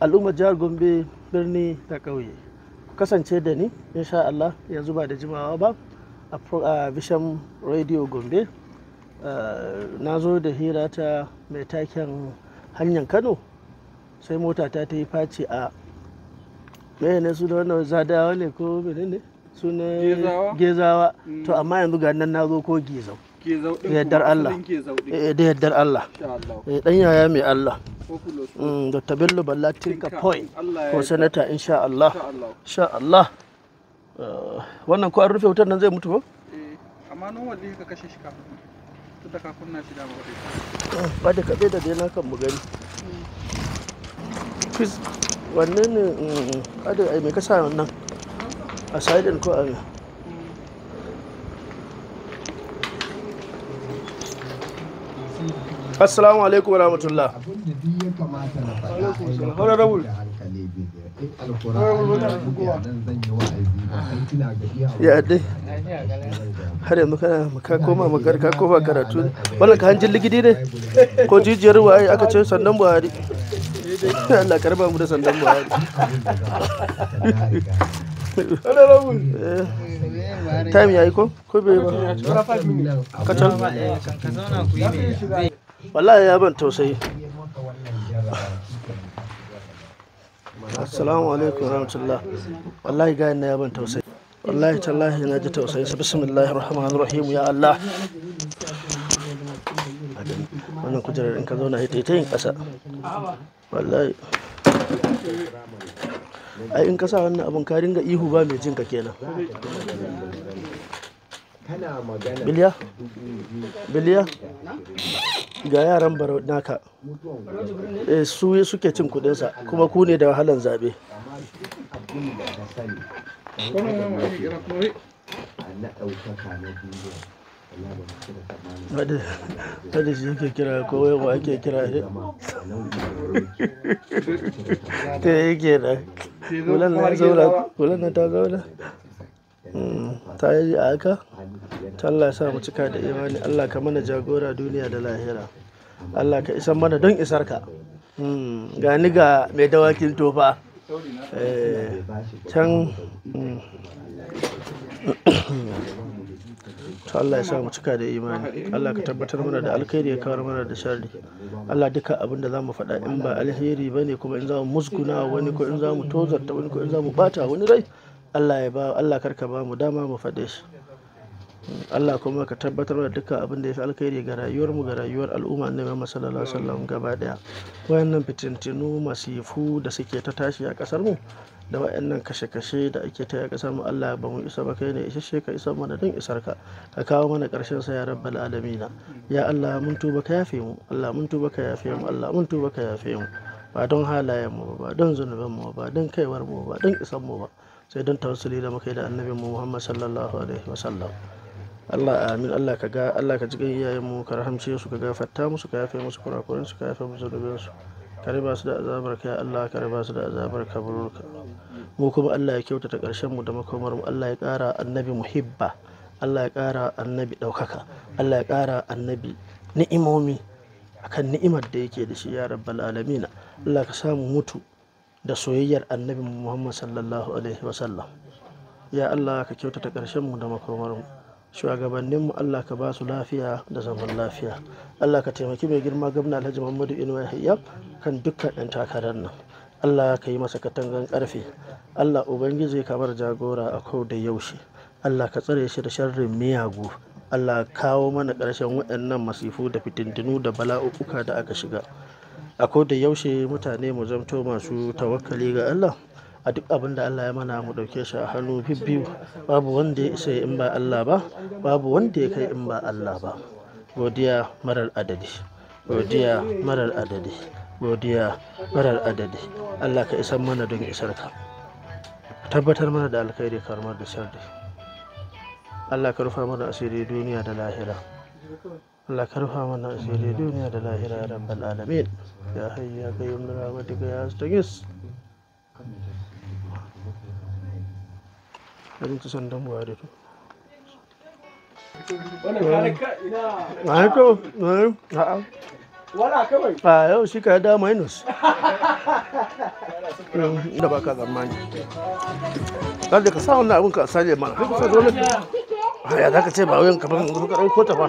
al'ummar jihar gombe birni da ƙauye kasance da ni insha Allah yanzu ba da jimawa ba a bishan radio gombe eh, na zo da hira ta mai taken hanyar kano sai mota ta ta yi face a mai ne su da wannan zadawa ne ko mene ne ne gezawa to mm. amma yanzu ga nan na zo ko gezau eh, da yardar Allah da yardar Allah dan eh, yaya mai Allah Mm, dr bello balla tinka point ko sanata insha allah insha allah uh, wannan ko an rufe wutar nan zai mutu ko eh, amma normal dai ka kashe shi kafin tunda kafin na shi dama wadai ba da kabe da dai na kan mu gani quiz ne mm, mm, kada ai mai kasa wannan a side ko a assalamu alaikum wa rahmatullah ya dai har yanzu kana ka koma makar ka koma karatu wannan ka hanjin ligidi ne ko jijiyar waye aka ce sandan buhari Allah karba mu da sandan buhari eh, time yayi ko ko bai ba ka zauna ku yi ne wallahi ya ban tausayi assalamu alaikum rahmatullah wallahi ga na ya ban tausayi wallahi tallahi na ji tausayi sa bismillahir rahmanir rahim ya allah wannan kujerar in ka na ita ita yin kasa wallahi ai in ka sa wannan abin ka ringa ihu ba mai jinka kenan biliya biliya ga yaran barau naka e, su suke cin kudinsa kuma ku ne da wahalan zabe wadda shi yake kira ko wai yawa ake kira ne ta yake da kulan na ta zauna Hmm, ta yi a aka ta Allah ya sa mu cika da imani Allah ka mana jagora duniya da lahira Allah ka isan mana don isar ka hmm, gani ga mai dawakin tofa eh, can hmm. to Allah ya sa mu cika da imani Allah ka tabbatar mana da alkhairi ya kawar mana da sharri Allah duka abin da zamu faɗa in ba alheri bane kuma in zamu musguna wani ko in zamu tozarta wani ko in zamu bata wani rai Allah ya ba Allah karka ba mu dama mu faɗe shi Allah kuma ka tabbatar da dukkan abin da ya fi alkhairi ga rayuwar mu ga rayuwar al'umma annabi Muhammad sallallahu alaihi wasallam gaba daya wayannan fitintinu masifu da suke ta tashi a kasar mu da wayannan kashe-kashe da ake ta a kasar mu Allah ya ba mu isa ba kai ne isasshe ka isa mana don isar ka ka kawo mana karshen sa ya rabbal alamin ya Allah mun tuba ka yafe mu Allah mun tuba ka yafe mu Allah mun tuba ka yafe mu ba don halayen mu ba don zunuban mu ba don kaiwar mu ba don isan mu ba sai don tawassuli da muka yi da annabin mu Muhammad sallallahu alaihi wasallam Allah amin Allah ka ga Allah ka jigan iyayen mu ka rahamce su ka gafarta musu ka yafe musu kurakurin su ka yafe musu zunubin su ka riba su da azabar ka ya Allah ka riba su da azabar ka burka mu kuma Allah ya kyautata karshen mu da makomar mu Allah ya kara annabi muhibba Allah ya kara annabi daukaka Allah ya kara annabi ni'imomi akan ni'imar da yake da shi ya rabbal alamin Allah ka samu mutu da soyayyar annabi muhammad sallallahu alaihi wasallam ya allah ka kyautata mu da makomarmu shugabanninmu Allah ka ba su lafiya da zaman lafiya Allah ka taimaki mai girma gwamna Alhaji Muhammadu Inuwa Yahya kan dukkan 'yan takarar nan Allah ka yi masa katangan karfe Allah ubangiji kamar jagora a kau da yaushe Allah ka tsare shi da sharrin miyagu Allah kawo mana ƙarshen waɗannan masifu da fitintinu da bala'uka da aka shiga a da yaushe mutane mu zamto masu tawakkali ga Allah a duk abin da Allah ya mana mu dauke shi a hannu bibbiyu babu wanda ya isa in ba Allah ba babu wanda ya kai in ba Allah ba godiya marar adadi godiya marar adadi godiya marar adadi Allah ka isar mana don isar ka tabbatar mana da alkhairi karmar da sharri Allah ka rufa mana asiri duniya da lahira Allah karfa mana asiri duniya da lahira da rabbal alamin ya hayyu ya qayyum bi rahmatika ya astaghis Arin ta sandan buwa to. Wani to, wani a'a. Wala kawai. A yau shi ka da minus. Da baka zamani. ka sa wannan abin ka sanya mana. ka Ya za ka ce ba wayan ka ban ka ɗauko ta ba.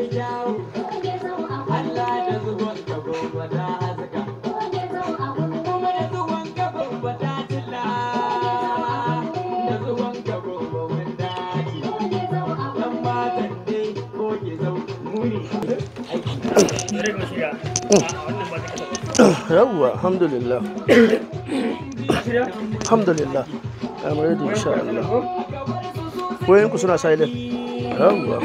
yawwa alhamdulillah alhamdulillah I'm ready insha Allah wayoyin ku suna silent yawwa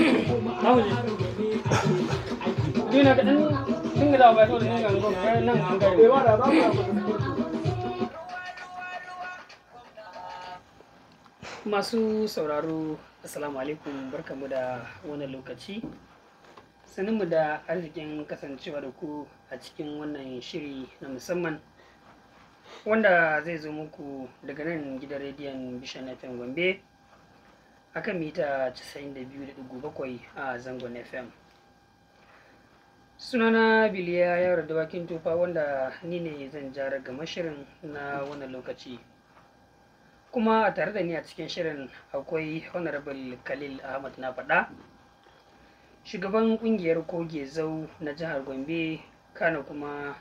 masu sauraro assalamu alaikum barkamu da wannan lokaci saninmu da arzikin kasancewa da ku a cikin wannan shiri na musamman wanda zai zo muku daga nan gidan rediyon bishan fm gombe a kan mita 92.7 a zangon fm sunana biliya ya da bakin tufa wanda ni ne zan jara ga mashirin na wannan lokaci kuma tare da ni a cikin shirin akwai honorable khalil ahmad na faɗa shugaban kungiyar koge zau na jihar gombe kana kuma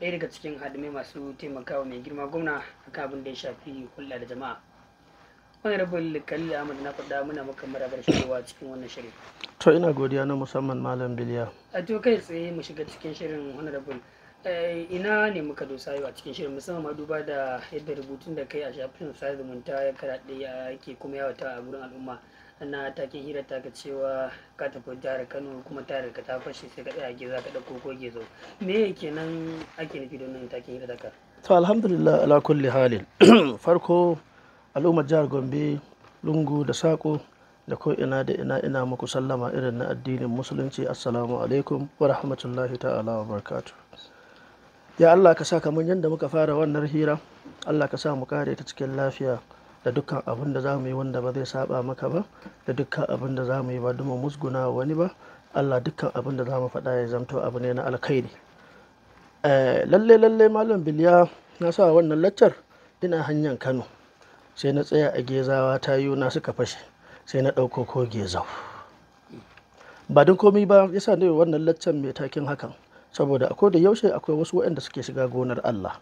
ɗaya daga cikin hadimai masu taimakawa mai girma gwamna akan abin da ya shafi hulɗa da jama'a Wani likali da ahmad na faɗa muna maka marabar shigowa cikin wannan shirin to ina godiya na musamman malam biliya a to kai tsaye mu shiga cikin shirin wani rabin eh, ina ne muka dosa yau a cikin shirin musamman duba da yadda rubutun da kai a shafin sa zumunta ya karaɗe ya ke kuma yawata a gurin al'umma na ke hira ta ka cewa ka tafi jihar kano kuma ta ta fashe sai ka tsaya giza ka ɗauko ko gizo me yake nan ake nufi da wannan taken hira ka to alhamdulillah ala kulli halin farko al'ummar jihar gombe lungu da sako da ko ina da ina ina muku sallama irin na addinin musulunci assalamu alaikum wa rahmatullahi ta'ala wa barkatu. ya allah ka sa kamar yadda muka fara wannan hira allah ka sa mu kare ta cikin lafiya da dukkan abin da za mu yi wanda ba zai saba maka ba da dukkan abin da za mu yi ba duma musguna wani ba allah dukkan abin da za mu faɗa ya zamto abu ne na alkhairi eh, lalle lalle malam biliya na sa wannan laccar ina hanyar kano sai na tsaya a gezawa ta na suka fashe sai na ɗauko ko gezau ba don komi ba yasa ne wannan laccar mai takin hakan saboda akwai da yaushe akwai wasu waɗanda suke shiga gonar allah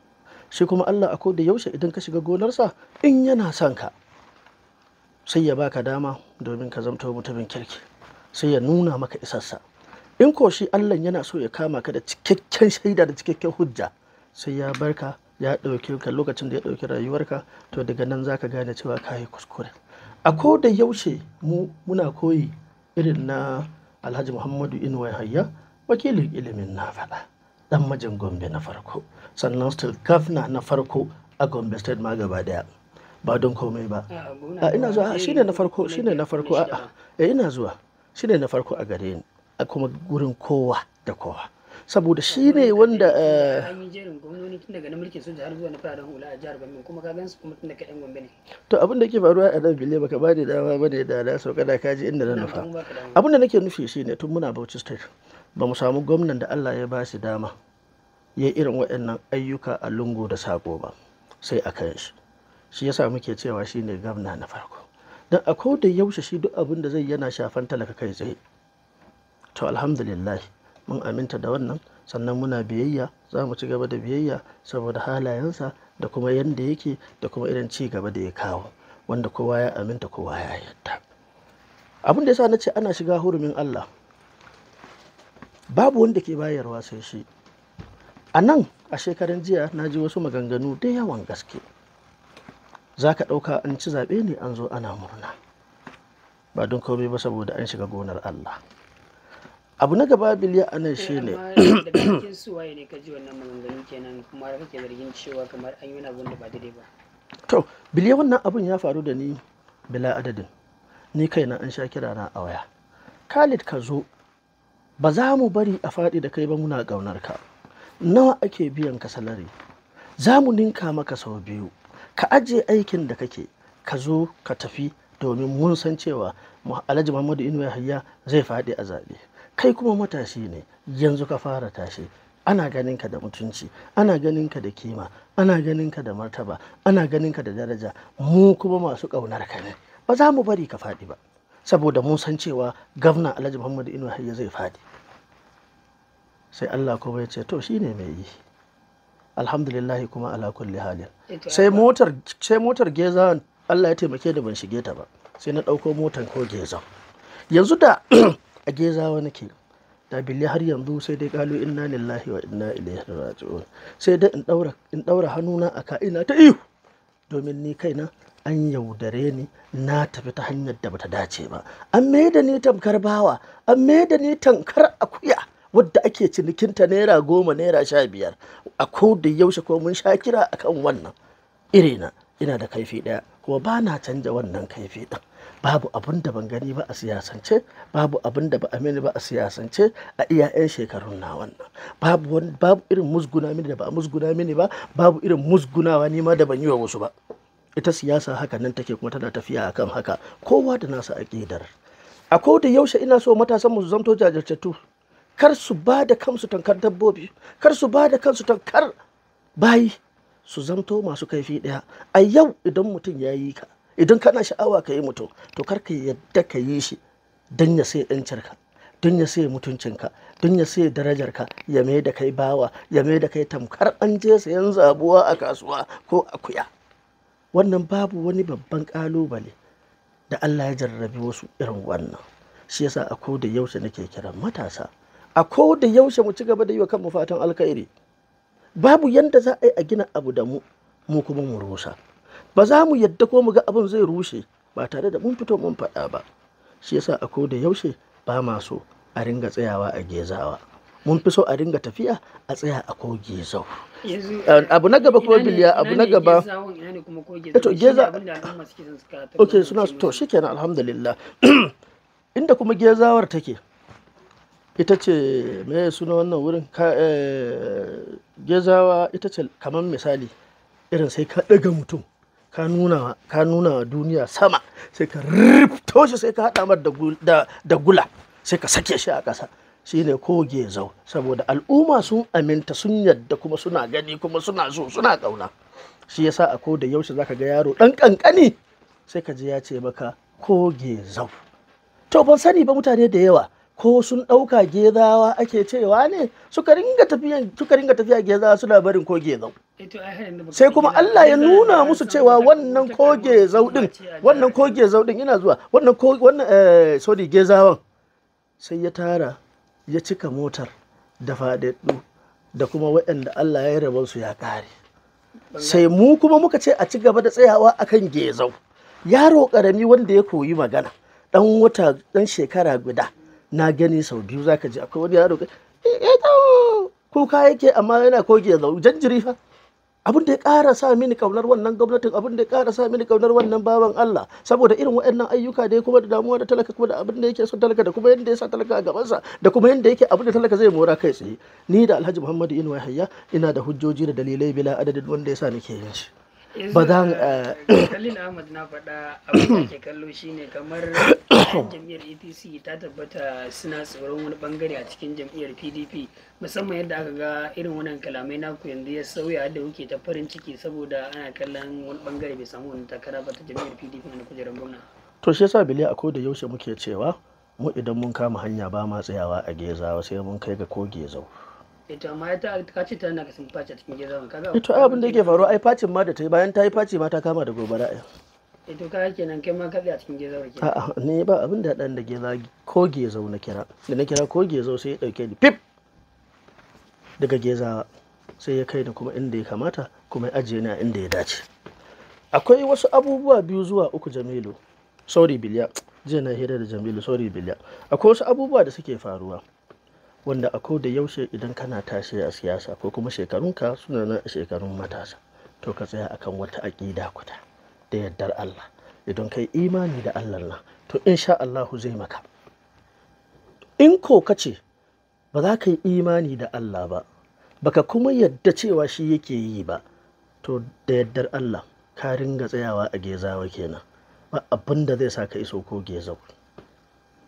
shi kuma Allah a da yaushe idan ka shiga gonarsa in yana son ka sai ya baka dama domin ka zamto mutumin kirki sai ya nuna maka isarsa in ko shi Allah yana so ya kama ka da cikakken shaida da cikakken hujja sai ya barka ya ɗauke ka lokacin da ya ɗauki rayuwarka to daga nan zaka gane cewa ka yi kuskure a da yaushe mu muna koyi irin na alhaji muhammadu inuwa hayya wakilin ilimin na faɗa dan majin gombe na farko sannan still kafna na farko a gombe state ma gaba daya ba don komai ba a ah, ina zuwa ah, shine na farko shine na farko a ah, eh, ina zuwa shine na farko a gare ni a kuma gurin kowa da kowa saboda shi eh, ne wanda to abin da ke faruwa a nan bile baka bani dama bane da na sauka da kaji inda na nufa abin da nake nufi shine tun muna Bauchi state ba mu samu gwamnan da allah ya ba shi dama ya yi irin waɗannan ayyuka a lungu da sako ba sai a kan shi shi yasa muke cewa shi ne gwamna na farko don a da yaushe shi duk abin da zai yana shafan talaka kai tsaye to alhamdulillah mun aminta da wannan sannan muna biyayya za mu ci gaba da biyayya saboda halayensa da kuma yadda yake da kuma irin ci gaba da ya kawo wanda kowa ya aminta kowa ya yadda abin da yasa na ce ana shiga hurumin allah babu wanda ke bayarwa sai shi a nan a shekaran jiya na ji wasu maganganu da yawan gaske za ka ɗauka an ci zaɓe ne an zo ana murna ba don komai ba saboda an shiga gonar allah abu na gaba biliya a nan shi ne to biliya wannan abun ya faru da ni bila adadin ni kaina an sha kirana a waya khalid ka zo ba za mu bari a faɗi da kai ba muna ƙaunar ka nawa ake biyan ka salari za mu ninka maka sau biyu ka ajiye aikin da kake ka zo ka tafi domin mun san cewa alhaji muhammadu inuwa yahaya zai faɗi a zaɓe kai kuma matashi ne yanzu ka fara tashi ana ganin ka da mutunci ana ganin ka da kima ana ganin ka da martaba ana ganin ka da daraja mu kuma masu ƙaunar ka ne ba za mu bari ka faɗi ba saboda mun san cewa gwamna alhaji muhammadu inuwa yahaya zai faɗi sai Allah kuma ya ce to shine mai yi alhamdulillahi kuma ala kulli halin eh, sai motar sai motar geza Allah ya taimake da ban shige ta ba sai na ɗauko motar ko geza yanzu da a geza wani ke da billi har yanzu sai dai kalu inna lillahi wa inna ilaihi raji'un sai dai in daura in daura hannuna a ka'ina ta ihu domin ni kaina an yaudare ni na tafi ta hanyar da bata dace ba an mai da ni tamkar bawa an mai da ni tankar akuya wadda ake cinikinta naira goma naira sha biyar a da yaushe ko mun sha kira a kan wannan irina ina da kaifi ɗaya kuma ba na canja wannan kaifi ɗin babu abin da ban gani ba a siyasance babu abin da ba a mini ba a siyasance a iya 'yan shekarun na wannan babu, babu irin musguna mini da ba a musguna mini ba babu irin musgunawa ni ma da ban yi wa wasu ba ita siyasa haka nan take kuma tana tafiya akan haka kowa da nasa aƙidar a da yaushe ina so matasan mu zamto jajirtattu kar su ba da kansu tankar dabbobi kar su ba da kansu tankar bayi su zanto masu kaifi ɗaya a yau idan mutum ya yi ka idan kana sha'awa ka yi mutum to kar ka yadda ka yi shi don ya sai ɗancinka don ya sai mutuncinka don ya sai darajarka ya mai da kai bawa ya mai da kai tamkar an je sayan zabuwa a kasuwa ko akuya wannan babu wani babban ƙalubale da Allah ya jarrabi wasu irin wannan shi yasa a da yaushe nake kiran matasa a ko da yaushe mu ci gaba da yi wa kanmu fatan alkhairi babu yanda za a yi a gina abu da mu mu kuma mu rusa ba za mu yadda ko mu ga abin zai rushe ba tare da mun fito mun faɗa ba shi yasa a ko da yaushe ba ma so a ringa tsayawa a gezawa mun fi so a ringa tafiya a tsaya a ko gezau abu na gaba kuma biliya abu na gaba to geza ok suna to shikenan alhamdulillah inda kuma gezawar take ita ce mai suna wannan wurin eh, gezawa ita ce kamar misali irin sai ka ɗaga mutum ka nuna wa duniya sama sai ka rifto shi sai ka haɗa mar da gula sai ka sake shi a ƙasa shine ko gezau saboda al'umma sun aminta sun yadda kuma suna gani kuma suna so suna ƙauna shi yasa a ko da yaushe zaka ga yaro ɗan ƙanƙani sai ka ji ya ce maka ko gezau to ban sani ba mutane da yawa ko sun ɗauka gezawa ake cewa ne suka ringa tafiya gezawa suna barin ko gezau eh, sai kuma Allah ya nuna musu cewa wannan ko gezau din wannan ko gezau din ina zuwa wannan ko wannan eh, sorry gezawan sai ya tara ya cika motar da faɗaɗɗu da kuma waɗanda Allah ya rabar su ya kare sai mu kuma muka ce a ci gaba da tsayawa akan gezau yaro ƙarami wanda ya koyi magana dan wata dan shekara guda na gani sau biyu zaka ji akwai wani yaro eh, eh, kuka yake amma yana koge zau janjiri fa abin da ya ƙara sa mini kaunar wannan gwamnatin abin da ya ƙara sa mini kaunar wannan baban Allah saboda irin waɗannan ayyuka da ya kuma da damuwa da talaka kuma da abin da yake son talaka da kuma yadda ya sa talaka a gabansa da kuma yadda yake abin da talaka zai mora kai tsaye ni da Alhaji Muhammadu Inuwa Hayya ina da hujjoji da dalilai bila adadin wanda ya sa nake yin shi badan. Eh, eh, kalin ahmad na faɗa abin da ke kallo shine kamar jam'iyyar apc ta tabbata suna tsoron wani bangare a cikin jam'iyyar pdp musamman yadda aka ga irin wannan kalamai naku yanzu ya sauya da kuke ta farin ciki saboda ana kallon wani bangare bai samu wani takara ba ta jam'iyyar pdp na kujerar gwamna to shi yasa bile a da yaushe muke cewa mu idan mun kama hanya ba ma tsayawa a gezawa sai mun kai ga ko gezo. Eh, ita ma ita ka ce tana ga sun face cikin gidan kaga eh, to abin da yake faruwa ai facin ma da ta yi bayan ta yi face ma ta kama da gobara ai eh, to ka nan kai ma ka a cikin gezawa ke a'a ne ba abin da dan da geza ko gezau na kira da na kira ko gezau sai ya dauke ni pip daga geza sai ya kai ni kuma inda ya kamata kuma ya ajiye ni a inda ya dace akwai wasu abubuwa biyu zuwa uku jamilu sorry biliya jiya na hira da jamilu sorry biliya akwai wasu abubuwa da suke faruwa wanda a ko da yaushe idan kana tashi a siyasa ko kuma shekarunka suna nan a shekarun matasa to ka tsaya akan wata aƙida kuta da yardar Allah idan kai imani da Allah nan to insha Allahu zai maka in ko ka ce ba za ka yi imani da Allah ba baka kuma yadda cewa shi yake yi ba to da yardar Allah ka ringa tsayawa a gezawa kenan ba abinda zai sa ka iso ko gezau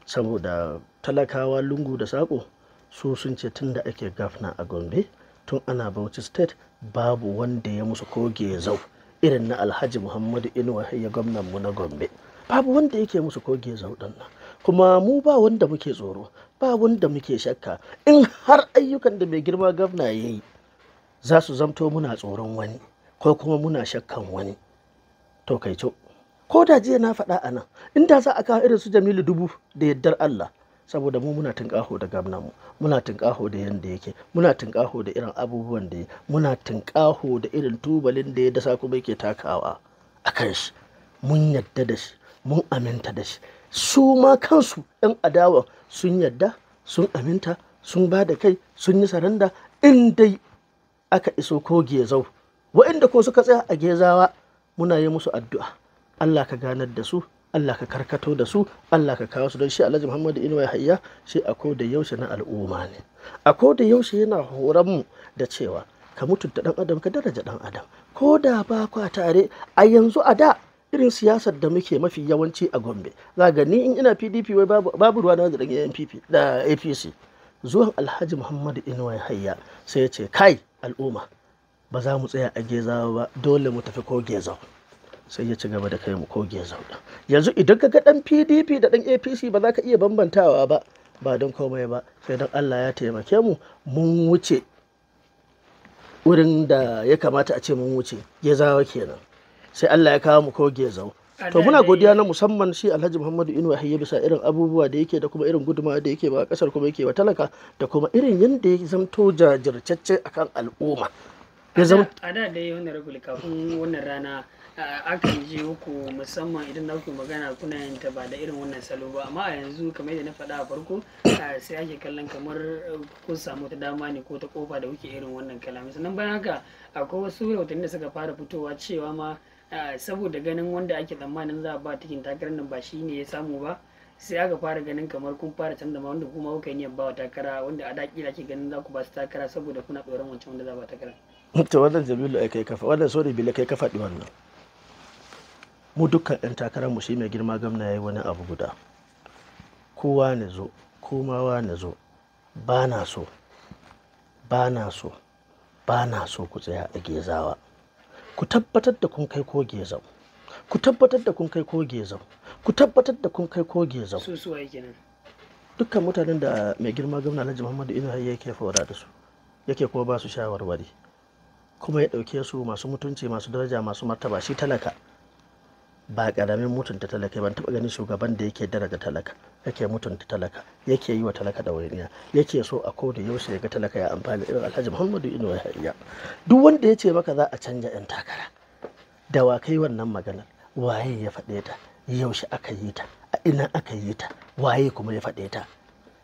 saboda talakawa lungu da saƙo su sun ce tun da ake gafna a gombe tun ana bauchi state babu wanda ya musu koge zau irin na alhaji muhammadu inuwa ya gwamnan mu na gombe babu wanda yake musu koge zau nan kuma mu ba wanda muke tsoro ba wanda muke shakka in har ayyukan da mai girma gwamna ya yi za su zamto muna tsoron wani ko kuma muna shakkan wani to kai ko da jiya na faɗa a nan inda za a kawo irin su jamilu dubu da yardar allah saboda mu muna tunƙaho da gamnan mu muna tunƙaho da yanda yake muna tunƙaho da irin abubuwan da muna tunƙaho da irin tubalin da ya dasa kuma yake takawa a kan shi mun yadda da shi mun aminta da shi su ma kansu 'yan adawa sun yadda sun aminta sun ba da kai sun yi saranda in dai aka iso ko gezau wa'inda ko suka tsaya a gezawa muna yi musu addu'a Allah ka ganar da su Allah ka karkato da su Allah ka kawo su don shi Alhaji Muhammadu Inuwa Hayya shi a da yaushe na al'umma ne a da yaushe yana horan mu da cewa ka mutunta dan adam ka daraja dan adam ko da ba kwa tare a yanzu a da irin siyasar da muke mafi yawanci a Gombe za ga ni in ina PDP wai babu ruwa na da NPP da APC zuwan Alhaji Muhammadu Inuwa Hayya sai ya ce kai al'umma ba za mu tsaya a gezawa ba dole mu tafi ko gezawa sai ya ci gaba da kai mu koge zauna yanzu idan ka ga dan pdp da dan apc ba za ka iya bambantawa ba ba don komai ba sai don allah ya taimake mu mun wuce wurin da ya kamata a ce mun wuce ya zawa kenan sai allah ya kawo mu koge zau to muna godiya na musamman shi alhaji muhammadu inuwa hayya bisa irin abubuwa da yake da kuma irin gudumawa da yake ba kasar kuma yake wa talaka da kuma irin yadda ya zamto jajirtacce akan al'umma ya zama a da dai honorable kafin wannan rana akan je uku musamman idan na magana kuna yin ta ba da irin wannan salo ba amma a yanzu kamar yadda na fada a farko sai ake kallon kamar kun samu ta dama ne ko ta kofa da kuke irin wannan kalami sannan bayan haka akwai wasu rahotanni da suka fara fitowa cewa ma saboda ganin wanda ake tsammanin za a ba tikin takarar nan ba shi ne ya samu ba sai aka fara ganin kamar kun fara canza ma wanda kuma kuka yi niyyar ba wa takara wanda a daƙila ke ganin za ku ba su takara saboda kuna tsoron wancan wanda za ba takara. ta wannan jamilu ya kai kafa wannan sori bile kai kafa wannan mu dukkan yan takararmu mu shi mai girma gamna yi wani abu guda kowa na zo kuma wa zo ba na so ba na so ba na so ku tsaya a gezawa ku tabbatar da kun kai ko gezau ku tabbatar da kun kai ko gezau ku tabbatar da kun kai ko gezau su su dukkan mutanen da mai girma gamna Alhaji Muhammadu Inu yake faura da su yake kuma ba su shawarwari kuma ya ɗauke su masu mutunci masu daraja masu martaba shi talaka ba ƙaramin mutunta talaka ban taɓa ganin shugaban da yake daraga talaka yake mutunta talaka yake yi wa talaka da wayaniya yake so a ko da yaushe ga talaka ya amfani irin alhaji muhammadu inuwa hayya duk wanda ya ce maka za a canja yan takara da wa kai wannan magana? waye ya faɗe ta yaushe aka yi ta a ina aka yi ta waye kuma ya faɗe ta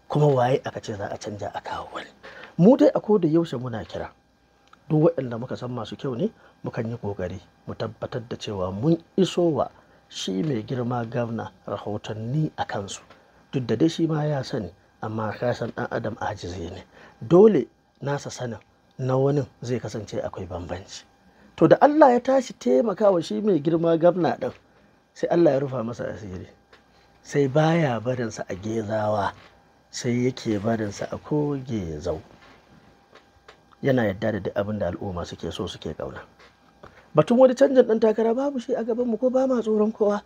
kuma waye aka ce za a canja a kawo wani mu dai a ko da yaushe muna kira duk waɗanda muka san masu kyau ne mukan yi ƙoƙari mu tabbatar da cewa mun iso wa shi mai girma gavna rahotanni a kansu duk da dai shi ma ya sani amma kasan ɗan adam ajizi ne dole nasa sanin na wani zai kasance akwai bambanci to da allah ya tashi taimakawa shi mai girma gamna ɗin sai allah ya rufa masa asiri sai baya barinsa a gezawa sai yake barinsa a kogezau yana yadda da duk abin da al'umma suke so suke kauna batun wani canjin dan takara babu shi a gaban mu ko ba ma tsoron kowa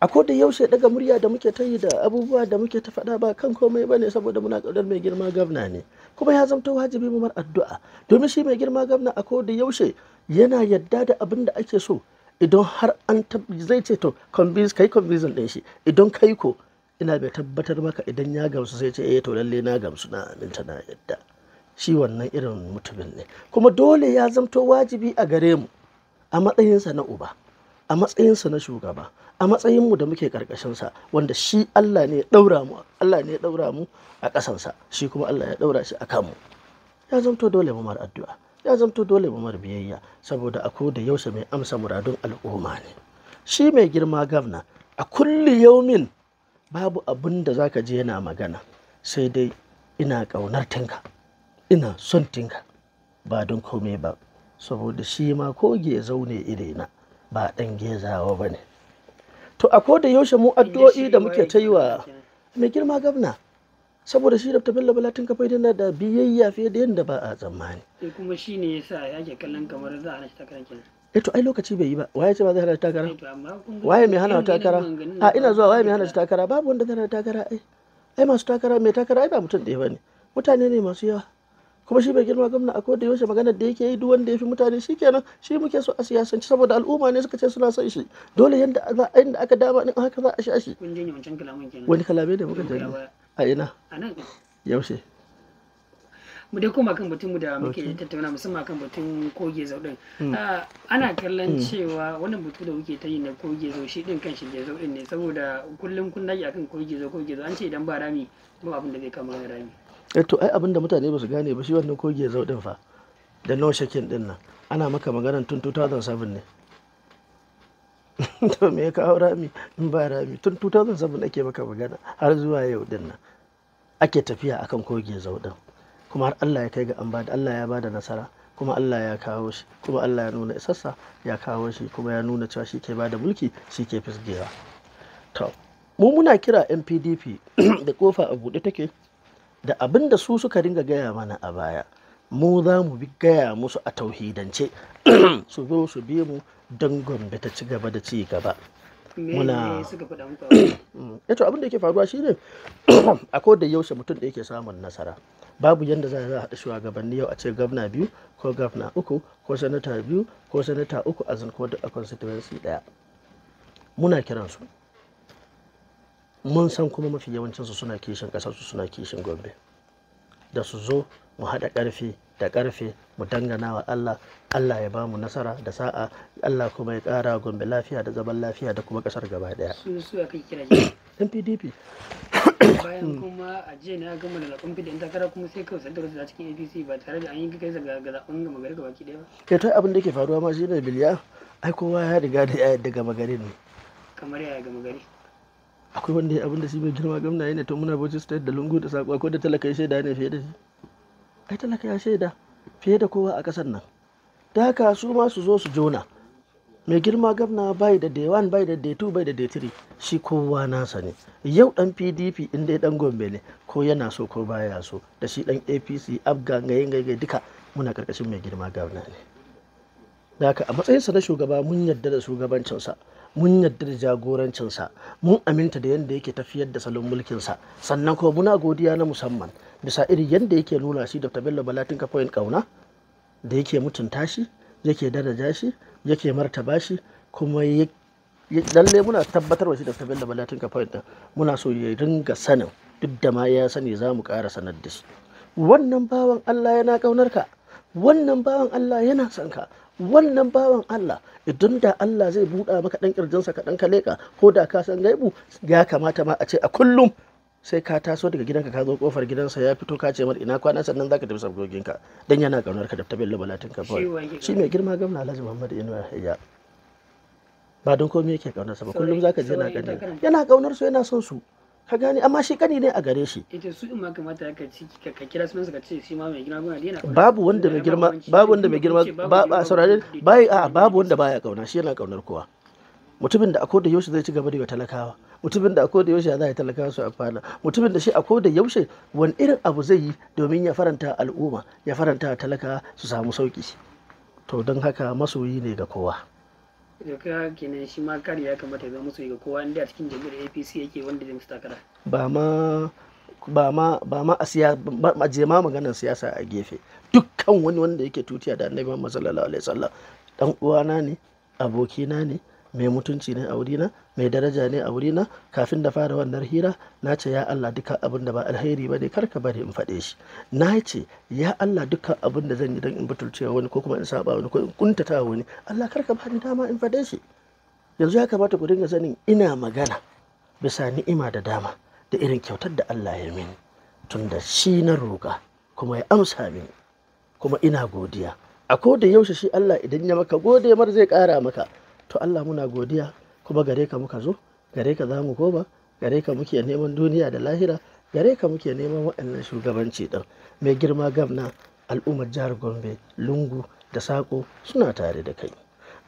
a ko da yaushe daga murya da muke ta yi da abubuwa da muke ta faɗa ba kan komai ba ne saboda muna ƙaunar mai girma gwamna ne kuma ya zamto wajibi mu mar addu'a domin shi mai girma gwamna a ko da yaushe yana yadda da abin da ake so idan har an zai ce to kai convince din shi idan kai ko ina bai tabbatar maka idan ya gamsu sai ce eh to lalle na gamsu na aminta na yadda shi wannan irin mutumin ne kuma dole ya zamto wajibi a gare mu a matsayinsa na uba a matsayinsa na shugaba a matsayinmu da muke karkashinsa wanda shi Allah ne ya ɗaura mu a ƙasansa shi kuma Allah ya ɗaura shi a kanmu ya zamto dole mu mar addu'a ya zamto dole mu mar biyayya saboda a da yaushe mai amsa muradun al'umma ne shi mai girma gavna a kulli yaumin babu abin da zaka je yana magana sai dai ina ƙaunar tinka ina son tinka ba don komai ba saboda shi ma koge zaune zaune irina ba ɗan gezawa ba ne to a koda yaushe mu addu'o'i da muke ta yi wa mai girma gabna saboda shi rabta bello bala tinka fai dana da biyayya fiye da yadda ba a tsammani eh kuma shi ne yasa yake kallon kamar za a nashi takara kenan eh to ai lokaci bai yi ba waye ce ba zai hana takara eh, waye mai hana takara a ina zuwa waye mai hana takara babu wanda zai hana takara ai ai masu takara mai takara ai ba mutum ɗaya ne. mutane ne masu yawa kuma shi bai girma gwamna a koda yaushe magana da yake yi duk wanda ya fi mutane shi kenan shi muke so a siyasance saboda al'umma ne suka ce suna son shi dole yanda da aka dama din haka za a shi a shi wani kalame ne muka janye a ina yaushe mu dai koma kan mu da muke tattauna musamman kan batun koge zau din hmm. ah, ana kallon hmm. cewa wannan batu da muke ta yi na koge zau shi din kanshi da zau din ne saboda kullum kun dage akan koge zau koge zau an ce idan ba rami ba abin da zai kama rami Eh to ai abinda mutane ba su gane ba shi wannan kogi zau din fa da no shakin din nan ana maka maganar tun 2007 ne to me ya kawo rami in ba rami tun 2007 ake maka magana har zuwa yau din nan ake tafiya akan kogi zau din kuma har Allah ya kai ga an ba da Allah ya ba da nasara kuma Allah ya kawo shi kuma Allah ya nuna isassa ya kawo shi kuma ya nuna cewa shi ke bada mulki shi ke fisgewa to mu muna kira NPDP da kofa a buɗe take da abin da su suka ringa gaya mana a baya mu za mu bi gaya musu a tauhidance su zo su bi mu don gwamnati ta ci gaba da ci gaba muna yato mm. eh abin da yake faruwa shi ne. a da yaushe mutum da yake samun nasara babu yadda za a haɗa shugabanni yau a ce gwamna biyu ko gwamna uku ko sanata biyu ko sanata uku a ko a constituency ɗaya muna kiransu mun san kuma mafi yawancinsu suna kishin ƙasarsu suna kishin gombe da su zo mu haɗa ƙarfi da ƙarfe mu dangana wa Allah Allah ya ba mu nasara da sa'a Allah kuma ya ƙara gombe lafiya da zaman lafiya da kuma ƙasar gaba ɗaya. Su PDP. Bayan kuma a jiya na gama da zaɓen PDP takara kuma sai kawai sadar da cikin APC ba tare da an yi kai ga zaɓen gama gari gaba ki ɗaya ba. kai to abin da yake faruwa ma shi ne biliya ai kowa ya riga da daga magari ne. Kamar ya gama gari. akwai wanda ya abin da shi mai girma gamna yana to muna bauchi state da lungu da Sakwa ko da talaka ya shaida ne fiye da shi ai talaka ya shaida fiye da kowa a kasar nan Da haka su ma su zo su jona mai girma gamna bai da day one bai da day two bai da day three shi kowa nasa ne yau dan pdp in dai dan gombe ne ko yana so ko baya so da shi dan apc abga ngaye duka muna karkashin mai girma gamna ne da haka a matsayinsa na shugaba mun yarda da shugabancinsa mun yarda da jagorancinsa mun aminta da yadda yake tafiyar da salon mulkinsa sannan kuma muna godiya na musamman bisa iri yadda yake nuna shi da tabella balatin kafoyin kauna da yake mutunta shi yake daraja shi yake martaba shi kuma lalle muna tabbatar shi da tabella balatin kafoyin din muna so ya ringa sanin duk da ma ya sani za mu ƙara sanar da shi wannan bawan Allah yana kaunar ka wannan bawan Allah yana son ka wannan bawan Allah idan da Allah zai buɗa maka ɗan ƙirjinsa ka ɗan kaleka ko da ka san gaibu ya kamata ma a ce a kullum sai ka taso daga gidanka ka zo kofar gidansa ya fito ka ce mar ina kwana sannan zaka tafi sabgoginka dan yana kaunar ka da tabin labalatin ka kawai shi mai girma gwamna Alhaji Muhammad Inu Yahya ba don komai yake kaunar sa ba kullum zaka je na ganin yana kaunar su yana son su ka gane amma shi kani ne a gare shi ita eh su in ma kamata ka ci ka kira su ka ce shi ma mai girma gwamnati yana babu wanda mai girma babu wanda mai girma ba a saurare bai a babu wanda baya kauna shi yana kaunar kowa mutumin da akoda yaushe zai ci gaba da talakawa mutumin da akoda yaushe za yi talakawa su amfana mutumin da shi akoda yaushe wani irin abu zai yi domin ya faranta al'umma ya faranta talaka su samu sauki to don haka masoyi ne ga kowa da ka kenan shi ma kari ya kamata ya zama musu ga kowa inda a cikin jam'iyyar apc yake wanda zai musu takara ba ma ba ma a siya maganar siyasa a gefe dukkan wani wanda yake tutiya da annabi Muhammad sallallahu alaihi wasallam dan uwana ne abokina ne mai mutunci ne a wurina mai daraja ne a wurina kafin da fara wannan hira na ce ya Allah duka abin da ba alheri ba ne karka bari in faɗe shi na ce ya Allah duka abin da zan yi don in butulcewa wani ko kuma in saba wani ko in kuntata wani Allah karka bani dama in faɗe shi yanzu ya kamata ku dinga sanin ina magana bisa ni'ima da dama da irin kyautar da Allah ya mini tunda shi na roƙa kuma ya amsa mini kuma ina godiya a da yaushe shi Allah idan ya maka gode mar zai ƙara maka to Allah muna godiya kuma gare ka muka zo gare ka za mu koma gare ka muke neman duniya da lahira gare ka muke neman waɗannan shugabanci ɗin mai girma gamna al'ummar jihar gombe lungu da sako suna tare da kai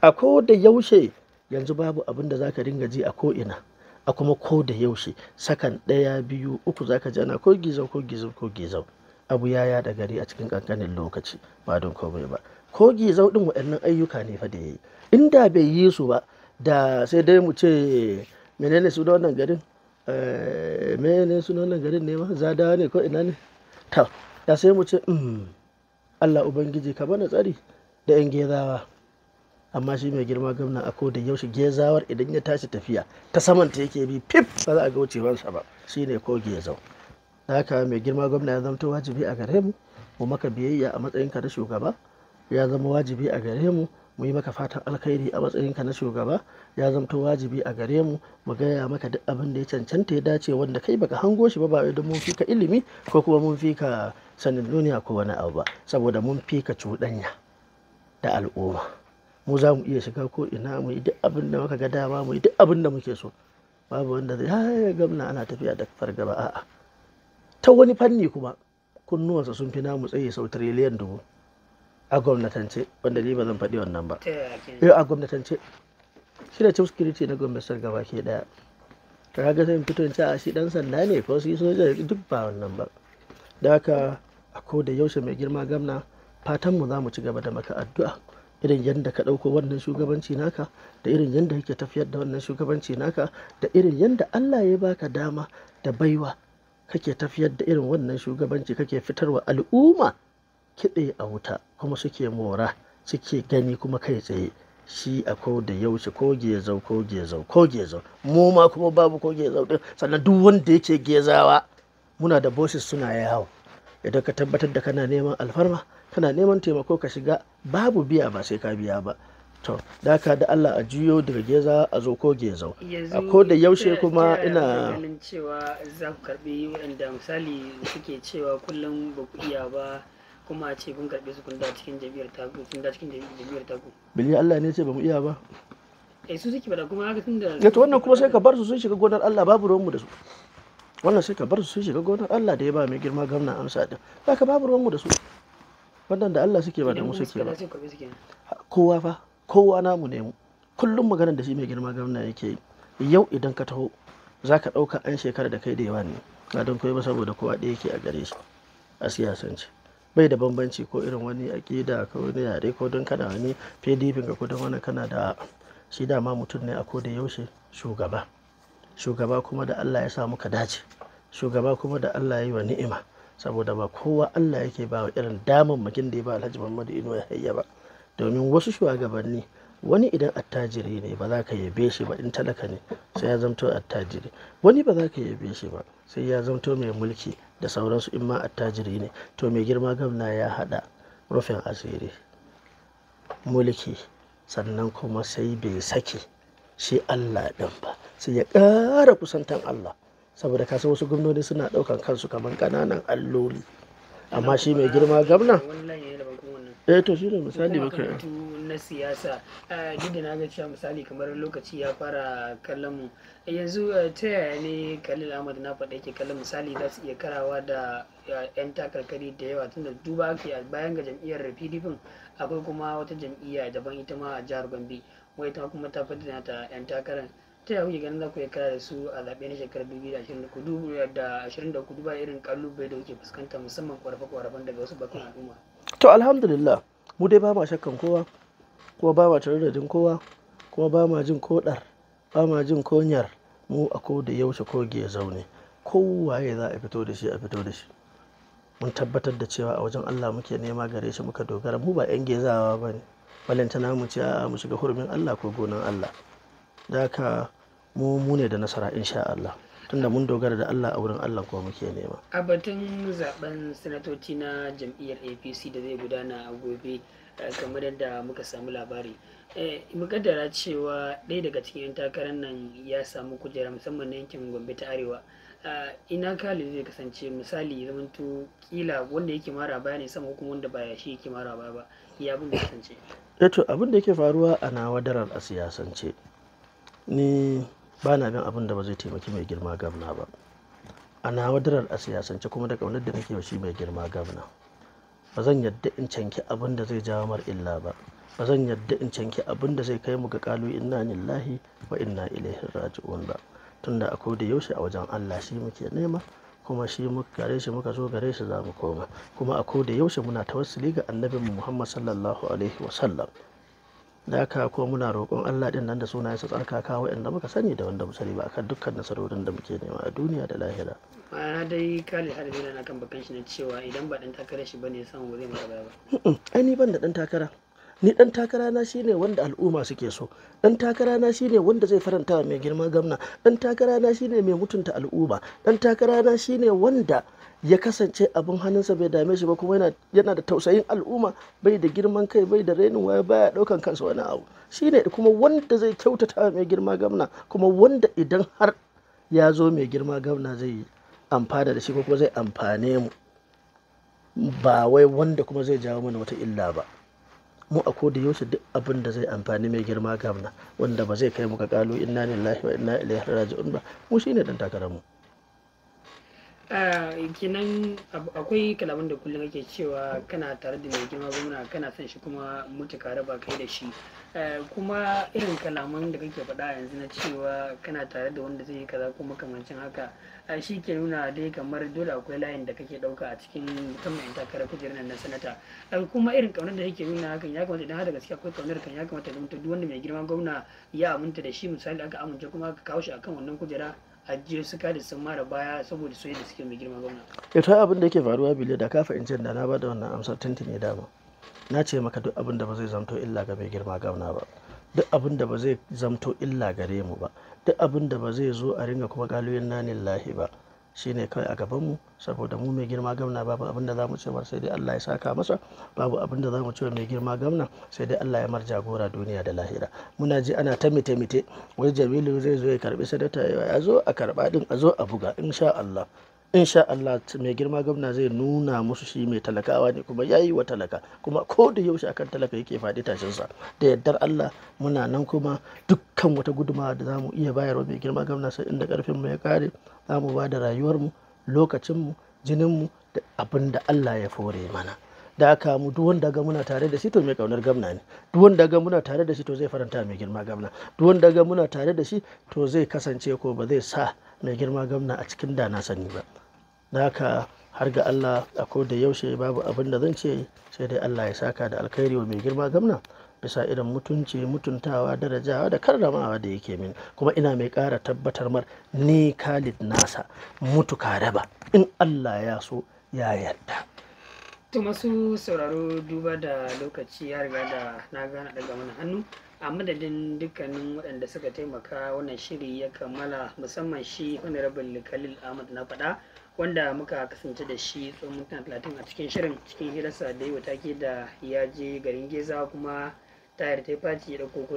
a ko da yaushe yanzu babu abin da zaka ringa ji a ko'ina a kuma ko da yaushe sakan ɗaya biyu uku zaka ji ana ko gizo ko gizo ko gizau abu ya ya da gari a cikin kankanin lokaci ba don komai ba ko gizo ɗin waɗannan ayyuka ne fa da yayi inda bai yi su ba da sai dai mu ce menene su wannan garin eh, menene ne ma zadawa ne ko ina ne ta da sai mu ce mm, Allah ubangiji ka bana tsari da yan gezawa amma shi mai girma gwamna a da yaushe gezawar idan ya tashi tafiya ta saman ta yake bi fif ba za a ga wucewarsa ba shine ko gezau haka mai girma gwamna ya zama wajibi a gare mu mu maka biyayya a matsayinka na shugaba ya zama wajibi a gare mu mu yi maka fatan alkhairi a matsayinka na shugaba ya zamto wajibi a gare mu mu gaya maka duk abin da ya cancanta ya dace wanda kai baka hango shi ba ba don mun fika ilimi ko kuma mun fika sanin duniya ko wani abu ba saboda mun fika cuɗanya da al'umma mu za mu iya shiga ko ina mu yi duk abin da muka ga dama mu yi duk abin da muke so babu wanda zai ya gamna ana tafiya da fargaba a'a ta wani fanni kuma kunnuwansa sun fi namu tsaye sau tiriliyan dubu a gwamnatance wanda ni ba zan faɗi wannan ba yau eh, a gwamnatance shi da chief security na gwamnatin gaba ke daya to kaga zan fito in a ah, shi dan sanda ne ko su soja duk ba wannan ba da haka a ko da yaushe mai girma gamna fatan mu za mu ci gaba da maka addu'a irin yadda ka ɗauko wannan shugabanci naka da irin yadda kake tafiyar da wannan shugabanci naka da irin yadda Allah ya baka dama da baiwa kake tafiyar da irin wannan shugabanci kake fitarwa al'umma kiɗe a wuta kuma suke mora suke gani kuma kai tsaye shi a ko da yaushe ko gezau ko gezau ko gezau mu ma kuma babu ko gezau din sannan duk wanda yake gezawa muna da bosses suna yawo idan ka tabbatar da kana neman alfarma kana neman taimako ka shiga babu biya ba sai ka biya ba to da ka da Allah a juyo daga geza a zo ko gezau a ko da yaushe kuma ina cewa za ku karbi wanda misali suke cewa kullum ba ku iya ba kuma a ce kun karɓe su kun da cikin jami'ar tagu kun da cikin jami'ar tagu. bili Allah ne ce ba mu iya ba eh su suke bada kuma haka tunda ya eh, to wannan kuma sai ka bar su sun shiga gonar Allah babu ruwan mu da su wannan sai ka bar su sun shiga gonar Allah da ya ba mai girma gwamna amsa din ka babu ruwan mu da su wannan da Allah suke ba da mu suke ba kowa fa kowa namu ne mu kullum maganar da shi mai girma gwamna yake yi yau idan ka taho za ka ɗauka an shekara da kai da yawa ne ba don koyi ba saboda kowa ɗaya yake a gare shi a siyasance bai da bambanci ko irin wani aƙida ko wani yare ko don kana wani pdp ka ko don wani kana da shi dama mutum ne a ko da yaushe shugaba shugaba kuma da allah ya sa muka dace shugaba kuma da allah ya yi wa ni'ima saboda ba kowa allah yake ba wa irin damammakin da ya ba alhaji muhammadu inuwa ya hayya ba domin wasu shugabanni wani idan attajiri ne ba za ka yabe shi ba in talaka ne sai ya zamto attajiri wani ba za ka yabe shi ba sai ya zamto mai mulki da sauransu in ma attajiri ne to mai girma gamna ya hada rufin asiri mulki sannan kuma sai bai sake shi allah ɗin ba sai ya ƙara kusantan allah saboda kasan wasu gwamnoni suna ɗaukan kansu kamar ƙananan alloli amma shi mai girma gamna eh to shine misali baka na siyasa eh, duk da na ga cewa misali kamar lokaci ya fara kallon mu eh, yanzu eh, ta yaya ne Khalil Ahmad na faɗa yake kallon misali za su iya karawa da yan takarkari da yawa tunda duba ke bayan ga jam'iyyar PDP akwai kuma wata jam'iyya daban ita ma a jihar Gombe wai ta kuma ta fadina ta yan takarar ta yaya kuke ganin za ku iya kara da su a zaɓe na shekarar 2023 da 23 ba irin kalubale da kuke fuskanta musamman ƙorafe-ƙorafen daga wasu bakon al'umma to alhamdulillah mu dai ba ma shakkan kowa kuma ba ma tare kowa kuma ba ma jin koɗar ba ma jin konyar mu a ko da yaushe ko ya zaune kowaye za a fito da shi a fito da shi mun tabbatar da cewa a wajen Allah muke nema gare shi muka dogara mu ba yan gezawa ba ne balantana mu ce a mu shiga hurumin Allah ko gonan Allah da ka mu mu ne da nasara insha Allah tunda mun dogara da Allah a wurin Allah kuma muke nema a batun zaben sanatoci na jam'iyyar APC da zai gudana a gobe eh, kamar yadda muka samu labari eh, mukaddara cewa ɗaya daga cikin 'yan takarar nan ya samu kujera musamman na yankin gombe ta arewa eh, ina kali zai kasance misali zamanto kila wanda yake mara baya ne sama kuma wanda baya shi yake mara baya ba ya abin da kasance eto abin da yake faruwa a nawadarar a siyasance ni ba na bin abin da ba zai taimaki mai girma gamna ba a wadarar a siyasance kuma da ƙaunar da nake shi mai girma gamna. ba zan yadda in canki abin da zai jawo mar illa ba ba zan yadda in canki abin da zai kai mu ga kalu inna lillahi wa inna ilaihi raji'un ba tunda a da yaushe a wajen Allah shi muke nema kuma shi gare shi muka zo gare shi za mu koma kuma a da yaushe muna ta tawassuli ga annabinmu Muhammad sallallahu alaihi wa da aka ko muna roƙon Allah din nan da suna su in da muka sani da wanda sani ba akan dukkan nasarorin da muke nema a duniya da lahira ma'ana dai kali harbi na kan bakan shi na cewa idan ba dan takara shi bane san zai maka baya ba ai ni ban da dan takara ni dan takara na shine wanda al'umma suke so dan takara na shine wanda zai faranta mai girma gamna dan takara na shine mai mutunta al'umma dan takara na shine wanda ya kasance abin hannunsa bai dame shi ba kuma yana da tausayin al'umma bai da girman kai bai da rainin waya baya daukan kansa wani abu shine kuma wanda zai kyautata mai girma gamna kuma wanda idan har ya zo mai girma gamna zai amfana da shi ko kuma zai amfane mu ba wai wanda kuma zai jawo mana wata illa ba mu a koda yaushe duk abin da zai amfani mai girma gamna wanda ba zai kai muka kalu inna lillahi wa inna ilaihi raji'un ba mu shine dan takarar mu kenan akwai kalaman da kullum ake cewa kana tare da mai girma gwamna kana son shi kuma mutuka raba kai da shi kuma irin kalaman da kake faɗa yanzu na cewa kana tare da wanda zai yi kaza ko makamancin haka shi ke nuna dai kamar dole akwai layin da kake ɗauka a cikin musamman yan takarar kujerar na sanata kuma irin kaunar da yake nuna hakan ya kamata idan har da gaske akwai kaunar kan ya kamata da duk wanda mai girma gwamna ya aminta da shi misali aka amince kuma aka kawo shi akan wannan kujera ajiye su kada sun mara baya saboda su da suke mai girma gwamna ya eh, abin da yake faruwa bile da ka fahimci da na bada wannan amsar tantin ya dama na ce maka duk abin da ba zai zamto illa ga mai girma gwamna ba duk abin da ba zai zamto illa gare mu ba duk abin da ba zai zo a ringa kuma kaluyin nanin lahi ba Shi ne kawai a gabanmu saboda mu mai girma gamna babu abin da za mu ce sai dai Allah ya saka masa babu abin da za mu ce mai girma gamna sai dai Allah ya mar jagora duniya da lahira muna ji ana ta mite mite wai Jamilu zai zo ya karbi sadaka ya zo a karba din a zo a buga insha Allah in sha Allah mai girma gwamna zai nuna musu shi mai talakawa ne kuma yayi wa talaka kuma ko da yaushe akan talaka yake faɗi tashinsa sa da yardar Allah muna nan kuma dukkan wata guduma da za mu iya bayarwa mai girma gwamna sai inda karfin mu ya kare za mu ba da rayuwarmu mu lokacin mu jinin mu da abin da Allah ya fore mana da aka mu duk wanda ga muna tare da shi to mai kaunar gamna ne duk wanda ga muna tare da shi to zai faranta mai girma gamna duk wanda ga muna tare da shi to zai kasance ko ba zai sa mai girma gamna a cikin da na sani ba da aka har ga Allah a ko da yaushe babu abin da zan ce sai dai Allah ya saka da alkhairi wa mai girma gamna bisa irin mutunci mutuntawa darajawa da karramawa da yake min kuma ina mai kara tabbatar mar ni Khalid nasa mutuka raba in Allah ya so ya yarda to masu sauraro duba da lokaci ya riga da na gana daga mana hannu a madadin dukkanin waɗanda suka taimaka wannan shiri ya kammala musamman shi rabin khalil ahmad na faɗa wanda muka kasance da shi tsohon talatin a cikin shirin cikin hirarsa da yi take da yaje garin geza kuma tayar ta faci ya ɗauko ko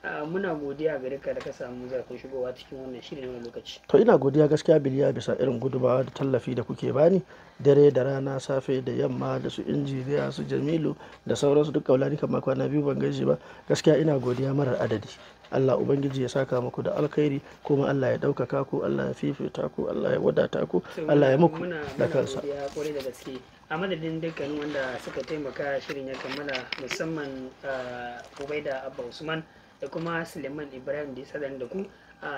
Ah, muna godiya gare ka da ka samu zarafin shigowa cikin wannan shirin wani lokaci to ina godiya gaskiya biliya bisa irin gudubawa da tallafi da kuke bani dare da rana safe da yamma da su injiniya su jamilu da sauransu duk kaulani kama kwana biyu ban gaji ba gaskiya ina godiya marar adadi Allah Ubangiji ya saka muku da alkhairi kuma Allah ya ɗaukaka ku Allah ya fifita ku Allah ya wadata ku Allah ya muku da kansa. a madadin dukkanin wanda suka taimaka shirin ya kammala musamman ah, Ubaida Abba Usman. da kuma suleiman ibrahim da ya sadan da ku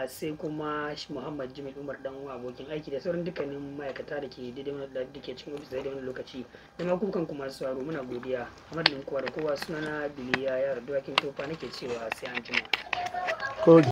sai kuma muhammad jimil umar dan abokin aiki da sauran dukkanin ma'aikata da ke daidai wani da ke cin ofis daidai wani lokaci da ma kukan kuma su sauraro muna godiya a madadin kowa da kowa sunana biliya ya raduwa kin tofa nake cewa sai an jima